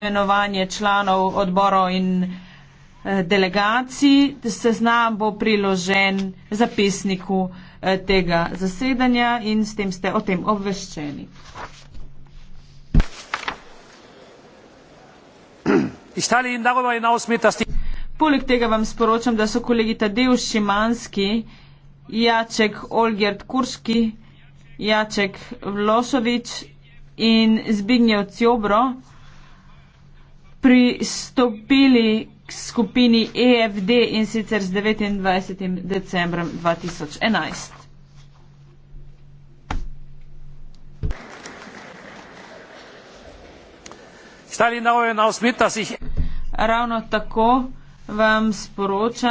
imenovanje članov odborov in eh, delegacij. Seznam bo priložen zapisniku eh, tega zasedanja in s tem ste o tem obveščeni. Poleg tega vam sporočam, da so kolegi Tadeu Šimanski, Jaček Olgjert Kurški, Jaček Vlošovič in Zbignjev Cjobro pristopili k skupini EFD in sicer z 29. decembrom 2011. Ravno tako vam sporočam.